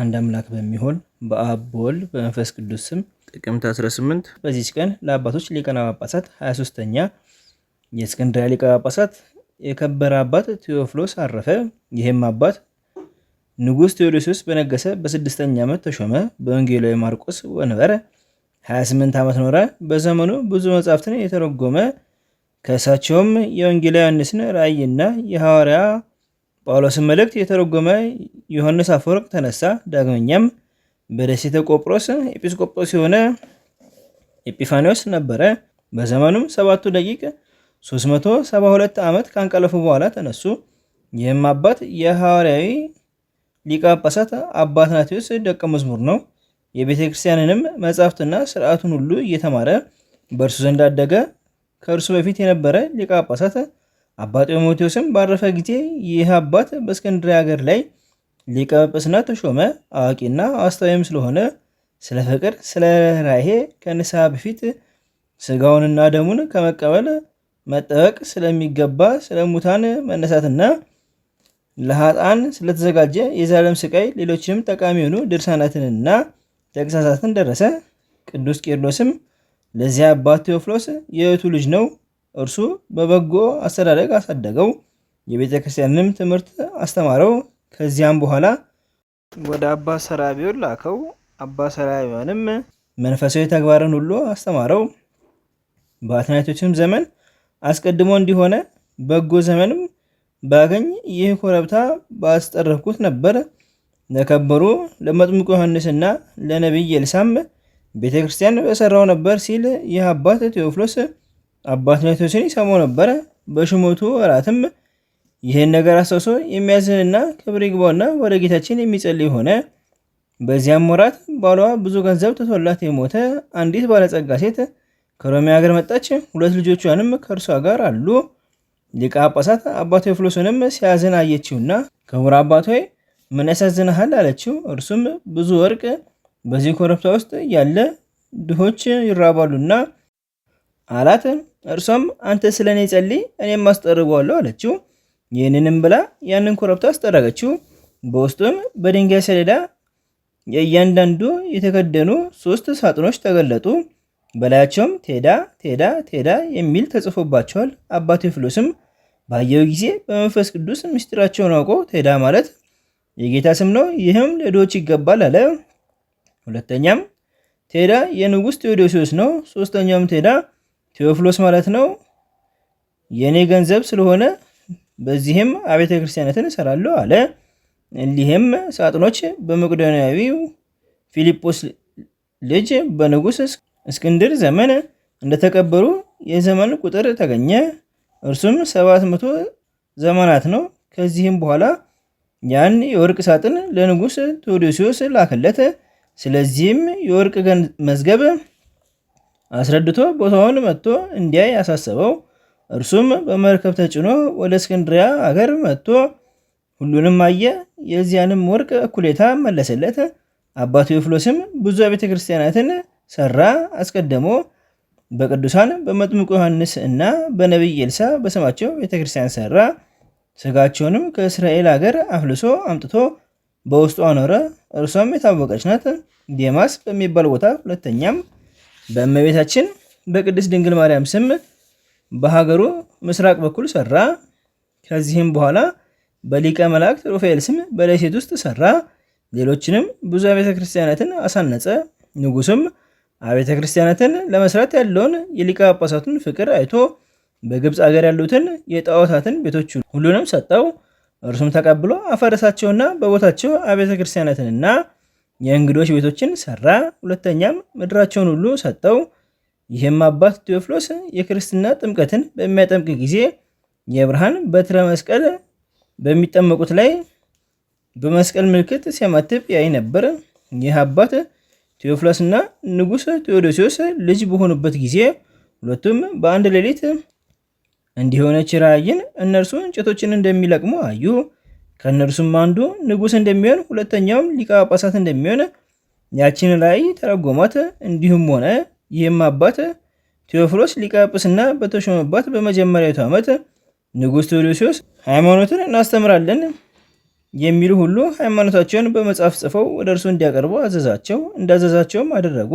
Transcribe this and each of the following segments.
አንድ አምላክ በሚሆን በአብ በወልድ በመንፈስ ቅዱስ ስም ጥቅምት 18 በዚች ቀን ለአባቶች ሊቃነ ጳጳሳት 23ተኛ የእስክንድርያ ሊቀ ጳጳሳት የከበረ አባት ቴዎፍሎስ አረፈ። ይህም አባት ንጉሥ ቴዎዶሲዎስ በነገሰ በስድስተኛ ዓመት ተሾመ። በወንጌላዊ ማርቆስ ወንበረ 28 ዓመት ኖረ። በዘመኑ ብዙ መጻሕፍትን የተረጎመ ከእሳቸውም የወንጌላዊ ዮሐንስን ራእይና የሐዋርያ ጳውሎስን መልእክት የተረጎመ ዮሐንስ አፈወርቅ ተነሳ። ዳግመኛም በደሴተ ቆጵሮስ ኤጲስቆጶስ የሆነ ኤጲፋኒዎስ ነበረ። በዘመኑም ሰባቱ ደቂቅ 372 ዓመት ካንቀለፉ በኋላ ተነሱ። ይህም አባት የሐዋርያዊ ሊቀ ጳጳሳት አባ አትናቴዎስ ደቀ መዝሙር ነው። የቤተ ክርስቲያንንም መጻሕፍትና ስርዓቱን ሁሉ እየተማረ በእርሱ ዘንድ አደገ። ከእርሱ በፊት የነበረ ሊቀ ጳጳሳት አባ ጢሞቴዎስም ባረፈ ጊዜ ይህ አባት በእስክንድርያ ሀገር ላይ ሊቀ ጵጵስና ተሾመ። አዋቂና አስተዋይም ስለሆነ ስለ ፍቅር፣ ስለ ራሄ ከንስሐ በፊት ስጋውንና ደሙን ከመቀበል መጠበቅ ስለሚገባ ስለ ሙታን መነሳትና ለሀጣን ስለተዘጋጀ የዘላለም ስቃይ፣ ሌሎችንም ጠቃሚ የሆኑ ድርሳናትንና ተግሳሳትን ደረሰ። ቅዱስ ቄርሎስም ለዚያ አባት ቴዎፍሎስ የእቱ ልጅ ነው እርሱ በበጎ አስተዳደግ አሳደገው፣ የቤተ ክርስቲያንንም ትምህርት አስተማረው። ከዚያም በኋላ ወደ አባ ሰራቢዮን ላከው። አባ ሰራቢዮንም መንፈሳዊ ተግባርን ሁሉ አስተማረው። በአትናይቶችም ዘመን አስቀድሞ እንዲሆነ በጎ ዘመንም ባገኝ ይህ ኮረብታ ባስጠረኩት ነበር። ለከበሩ ለመጥምቁ ዮሐንስና ለነቢይ ኤልሳም ቤተ ክርስቲያን በሰራው ነበር ሲል ይህ አባት ቴዎፍሎስ አባት ሲል ይሰማው ነበረ። በሹመቱ ወራትም ይህን ነገር አስታውሶ የሚያዝንና ክብር ይግባውና ወደ ጌታችን የሚጸልይ ሆነ። በዚያም ወራት ባሏ ብዙ ገንዘብ ትቶላት የሞተ አንዲት ባለጸጋ ሴት ከሮሚያ ሀገር መጣች። ሁለት ልጆቿንም ከእርሷ ጋር አሉ። ሊቀ ጳጳሳት አባ ቴዎፍሎስንም ሲያዝን አየችውና ክቡር አባት ሆይ ምን ያሳዝንሃል? አለችው። እርሱም ብዙ ወርቅ በዚህ ኮረብታ ውስጥ ያለ ድሆች ይራባሉና አላት። እርሷም አንተ ስለ እኔ ጸልይ፣ እኔም አስጠርገዋለሁ አለችው። ይህንንም ብላ ያንን ኮረብታ አስጠረገችው። በውስጡም በድንጋይ ሰሌዳ የእያንዳንዱ የተከደኑ ሶስት ሳጥኖች ተገለጡ። በላያቸውም ቴዳ ቴዳ ቴዳ የሚል ተጽፎባቸዋል። አባ ቴዎፍሎስም ባየው ጊዜ በመንፈስ ቅዱስ ምስጢራቸውን አውቆ ቴዳ ማለት የጌታ ስም ነው፣ ይህም ለድሆች ይገባል አለ። ሁለተኛም ቴዳ የንጉሥ ቴዎዶሲዎስ ነው። ሶስተኛውም ቴዳ ቴዎፍሎስ ማለት ነው የእኔ ገንዘብ ስለሆነ በዚህም አብያተ ክርስቲያናትን እሰራለሁ አለ። እሊህም ሳጥኖች በመቄዶንያዊው ፊልጶስ ልጅ በንጉሥ እስክንድር ዘመን እንደተቀበሩ የዘመን ቁጥር ተገኘ። እርሱም ሰባት መቶ ዘመናት ነው። ከዚህም በኋላ ያን የወርቅ ሳጥን ለንጉሥ ቴዎዶሲዮስ ላከለት። ስለዚህም የወርቅ መዝገብ አስረድቶ ቦታውን መጥቶ እንዲያይ አሳሰበው። እርሱም በመርከብ ተጭኖ ወደ እስክንድሪያ አገር መጥቶ ሁሉንም አየ፣ የዚያንም ወርቅ እኩሌታ መለሰለት። አባቱ ዮፍሎስም ብዙ ቤተ ክርስቲያናትን ሰራ። አስቀድሞ በቅዱሳን በመጥምቁ ዮሐንስ እና በነቢይ የልሳ በስማቸው ቤተ ክርስቲያን ሰራ። ስጋቸውንም ከእስራኤል አገር አፍልሶ አምጥቶ በውስጡ አኖረ። እርሷም የታወቀች ናት። ዴማስ በሚባል ቦታ ሁለተኛም በእመቤታችን በቅድስት ድንግል ማርያም ስም በሀገሩ ምስራቅ በኩል ሰራ። ከዚህም በኋላ በሊቀ መላእክት ሩፋኤል ስም በደሴት ውስጥ ሰራ። ሌሎችንም ብዙ አብያተ ክርስቲያናትን አሳነጸ። ንጉሱም አብያተ ክርስቲያናትን ለመስራት ያለውን የሊቀ ጳጳሳቱን ፍቅር አይቶ በግብፅ አገር ያሉትን የጣዖታትን ቤቶች ሁሉንም ሰጠው። እርሱም ተቀብሎ አፈረሳቸውና በቦታቸው አብያተ ክርስቲያናትንና የእንግዶች ቤቶችን ሰራ፣ ሁለተኛም ምድራቸውን ሁሉ ሰጠው። ይህም አባት ቴዎፍሎስ የክርስትና ጥምቀትን በሚያጠምቅ ጊዜ የብርሃን በትረ መስቀል በሚጠመቁት ላይ በመስቀል ምልክት ሲያማትብ ያይ ነበር። ይህ አባት ቴዎፍሎስና ንጉሥ ቴዎዶሲዎስ ልጅ በሆኑበት ጊዜ ሁለቱም በአንድ ሌሊት እንዲሆነች ራእይን እነርሱ እንጨቶችን እንደሚለቅሙ አዩ። ከእነርሱም አንዱ ንጉሥ እንደሚሆን ሁለተኛውም ሊቀ ጳጳሳት እንደሚሆን ያችን ላይ ተረጎማት። እንዲሁም ሆነ። ይህም አባት ቴዎፍሎስ ሊቀ በተሾመባት በመጀመሪያዊቱ ዓመት ንጉሥ ቴዎዶሲዎስ ሃይማኖትን እናስተምራለን የሚሉ ሁሉ ሃይማኖታቸውን በመጽሐፍ ጽፈው ወደ እርሱ እንዲያቀርቡ አዘዛቸው። እንዳዘዛቸውም አደረጉ።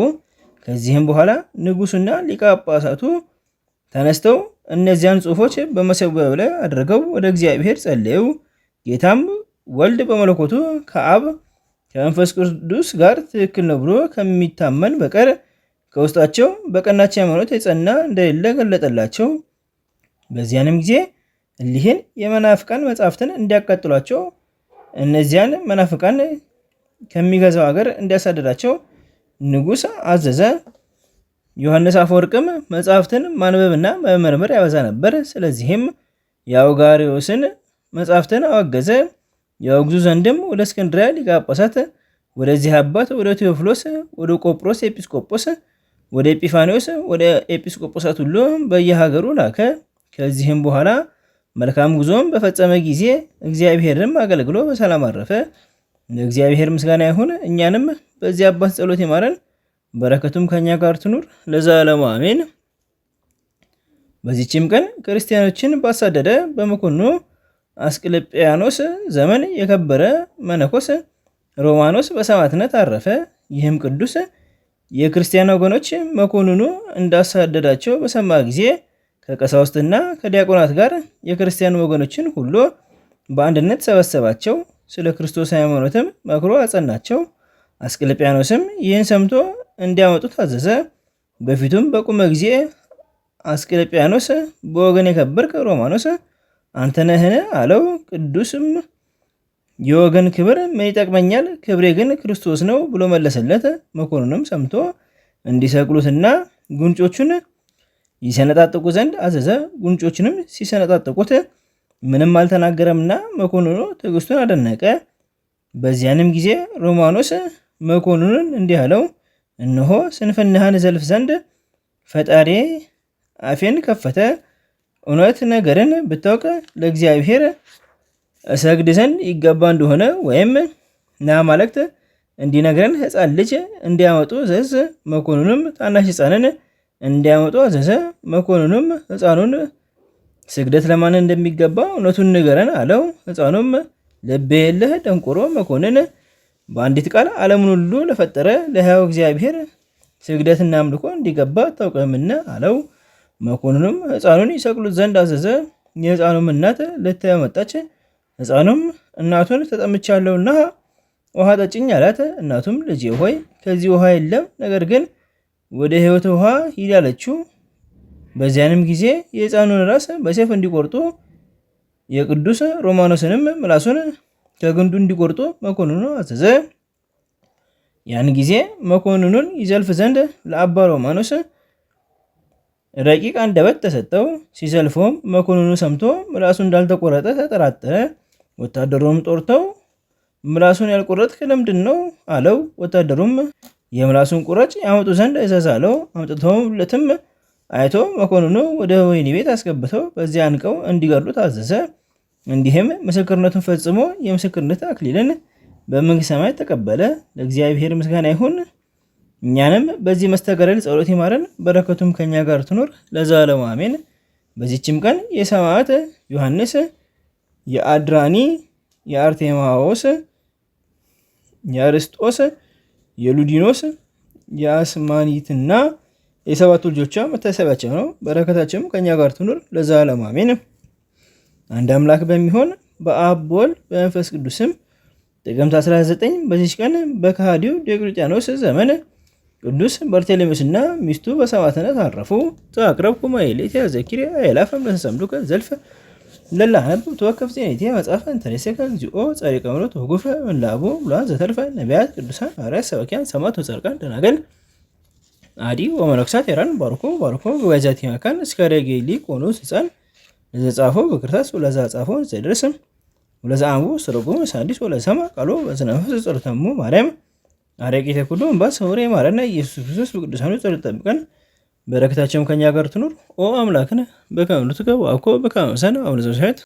ከዚህም በኋላ ንጉሱና ሊቀ ጳጳሳቱ ተነስተው እነዚያን ጽሑፎች በመሰዊያው ላይ አድርገው ወደ እግዚአብሔር ጸለዩ። ጌታም ወልድ በመለኮቱ ከአብ ከመንፈስ ቅዱስ ጋር ትክክል ነው ብሎ ከሚታመን በቀር ከውስጣቸው በቀናች ሃይማኖት የጸና እንደሌለ ገለጠላቸው። በዚያንም ጊዜ እሊህን የመናፍቃን መጻሕፍትን እንዲያቃጥሏቸው እነዚያን መናፍቃን ከሚገዛው ሀገር እንዲያሳደዳቸው ንጉሥ አዘዘ። ዮሐንስ አፈወርቅም መጻሕፍትን ማንበብና መመርመር ያበዛ ነበር። ስለዚህም የአውጋሪዎስን መጻሕፍትን አወገዘ። ያወግዙ ዘንድም ወደ እስክንድሪያ ሊቀ ጳጳሳት ወደዚህ አባት ወደ ቴዎፍሎስ፣ ወደ ቆጵሮስ ኤጲስቆጶስ፣ ወደ ኤጲፋኒዎስ፣ ወደ ኤጲስቆጶሳት ሁሉ በየሀገሩ ላከ። ከዚህም በኋላ መልካም ጉዞም በፈጸመ ጊዜ እግዚአብሔርም አገልግሎ በሰላም አረፈ። ለእግዚአብሔር ምስጋና ይሁን፣ እኛንም በዚህ አባት ጸሎት ይማረን፣ በረከቱም ከእኛ ጋር ትኑር ለዘላለሙ አሜን። በዚችም ቀን ክርስቲያኖችን ባሳደደ በመኮኑ አስቅልጵያኖስ ዘመን የከበረ መነኮስ ሮማኖስ በሰማዕትነት አረፈ። ይህም ቅዱስ የክርስቲያን ወገኖች መኮንኑ እንዳሳደዳቸው በሰማ ጊዜ ከቀሳውስትና ከዲያቆናት ጋር የክርስቲያን ወገኖችን ሁሉ በአንድነት ሰበሰባቸው። ስለ ክርስቶስ ሃይማኖትም መክሮ አጸናቸው። አስቅልጵያኖስም ይህን ሰምቶ እንዲያመጡት አዘዘ። በፊቱም በቆመ ጊዜ አስቅልጵያኖስ በወገን የከበርክ ሮማኖስ አንተ ነህን አለው። ቅዱስም የወገን ክብር ምን ይጠቅመኛል? ክብሬ ግን ክርስቶስ ነው ብሎ መለሰለት። መኮንንም ሰምቶ እንዲሰቅሉትና ጉንጮቹን ይሰነጣጥቁ ዘንድ አዘዘ። ጉንጮችንም ሲሰነጣጥቁት ምንም አልተናገረምና መኮንኑ ትዕግስቱን አደነቀ። በዚያንም ጊዜ ሮማኖስ መኮንኑን እንዲህ አለው፣ እነሆ ስንፍናህን ዘልፍ ዘንድ ፈጣሪ አፌን ከፈተ እውነት ነገርን ብታውቅ ለእግዚአብሔር እሰግድ ዘንድ ይገባ እንደሆነ ወይም ና ማለክት እንዲነግረን ሕፃን ልጅ እንዲያመጡ አዘዘ። መኮንኑም ታናሽ ሕፃንን እንዲያመጡ አዘዘ። መኮንኑም ሕፃኑን ስግደት ለማን እንደሚገባ እውነቱን ንገረን አለው። ሕፃኑም ልቤ የለህ ደንቆሮ መኮንን በአንዲት ቃል ዓለምን ሁሉ ለፈጠረ ለሕያው እግዚአብሔር ስግደትና አምልኮ እንዲገባ አታውቅምና አለው። መኮንኑም ሕፃኑን ይሰቅሉት ዘንድ አዘዘ። የሕፃኑም እናት ልትመጣች ህፃኑም ሕፃኑም እናቱን ተጠምቻለሁና ውሃ ጠጭኝ አላት። እናቱም ልጄ ሆይ ከዚህ ውሃ የለም፣ ነገር ግን ወደ ሕይወት ውሃ ሂድ አለችው። በዚያንም ጊዜ የሕፃኑን ራስ በሴፍ እንዲቆርጡ የቅዱስ ሮማኖስንም ምላሱን ከግንዱ እንዲቆርጡ መኮንኑ አዘዘ። ያን ጊዜ መኮንኑን ይዘልፍ ዘንድ ለአባ ሮማኖስ ረቂቅ አንደበት ተሰጠው። ሲሰልፎም መኮንኑ ሰምቶ ምላሱ እንዳልተቆረጠ ተጠራጠረ። ወታደሩም ጦርተው ምላሱን ያልቆረጥክ ለምንድን ነው አለው። ወታደሩም የምላሱን ቁረጭ ያመጡ ዘንድ እዘዝ አለው። አምጥተውለትም አይቶ መኮንኑ ወደ ወህኒ ቤት አስገብተው በዚያ አንቀው እንዲገሉ ታዘዘ። እንዲህም ምስክርነቱን ፈጽሞ የምስክርነት አክሊልን በመንግሥተ ሰማያት ተቀበለ። ለእግዚአብሔር ምስጋና ይሁን። እኛንም በዚህ መስተጋደል ጸሎት ይማረን፣ በረከቱም ከኛ ጋር ትኖር ለዘላለሙ አሜን። በዚችም ቀን የሰማዕት ዮሐንስ፣ የአድራኒ፣ የአርቴማዎስ፣ የአርስጦስ፣ የሉዲኖስ፣ የአስማኒትና የሰባቱ ልጆቿ መታሰቢያቸው ነው። በረከታቸውም ከኛ ጋር ትኑር ለዘላለሙ አሜን። አንድ አምላክ በሚሆን በአብ በመንፈስ ቅዱስም ጥቅምት 19 በዚች ቀን በከሃዲው ዲዮቅልጥያኖስ ዘመን ቅዱስ በርቴሌሜስና ሚስቱ በሰማዕትነት አረፉ። ዘአቅረብኩ ማኅሌተ ዘኪርየ አእላፈ ለተጸምዱከ ዘልፈ ለለአነብብ ተወከፍ ዜኔቴ መጽሐፈ እንተሬሰከ እግዚኦ ጻድቀ ምሕረት ወጉፈ ምላቡ ብሏን ዘተልፈ ነቢያት ቅዱሳን ሐዋርያት ሰበኪያን ሰማዕታት ወጸርቃን ደናገል አዲ ወመነኮሳት የራን ባርኮ ባርኮ በባሕቲቱ መካን እስከ ጌሊ ቆኖስ ሕፃን ለዘጻፎ በክርታስ ወለዛ ጻፎ ዘደርስም ወለዛ አንቡ ስተረጎሙ ሳንዲስ ወለሰማ ቃሎ በዝነፈስ ጸሎተሙ ማርያም አረቂተ ኩሉ እምባስ ሆሬ ማረና ኢየሱስ ክርስቶስ በቅዱሳኑ ጸሎት ጠብቀን፣ በረከታቸውም ከኛ ጋር ትኑር። ኦ አምላክነ በከመ ትገቡ አኮ በከመ መሰነ አቡነ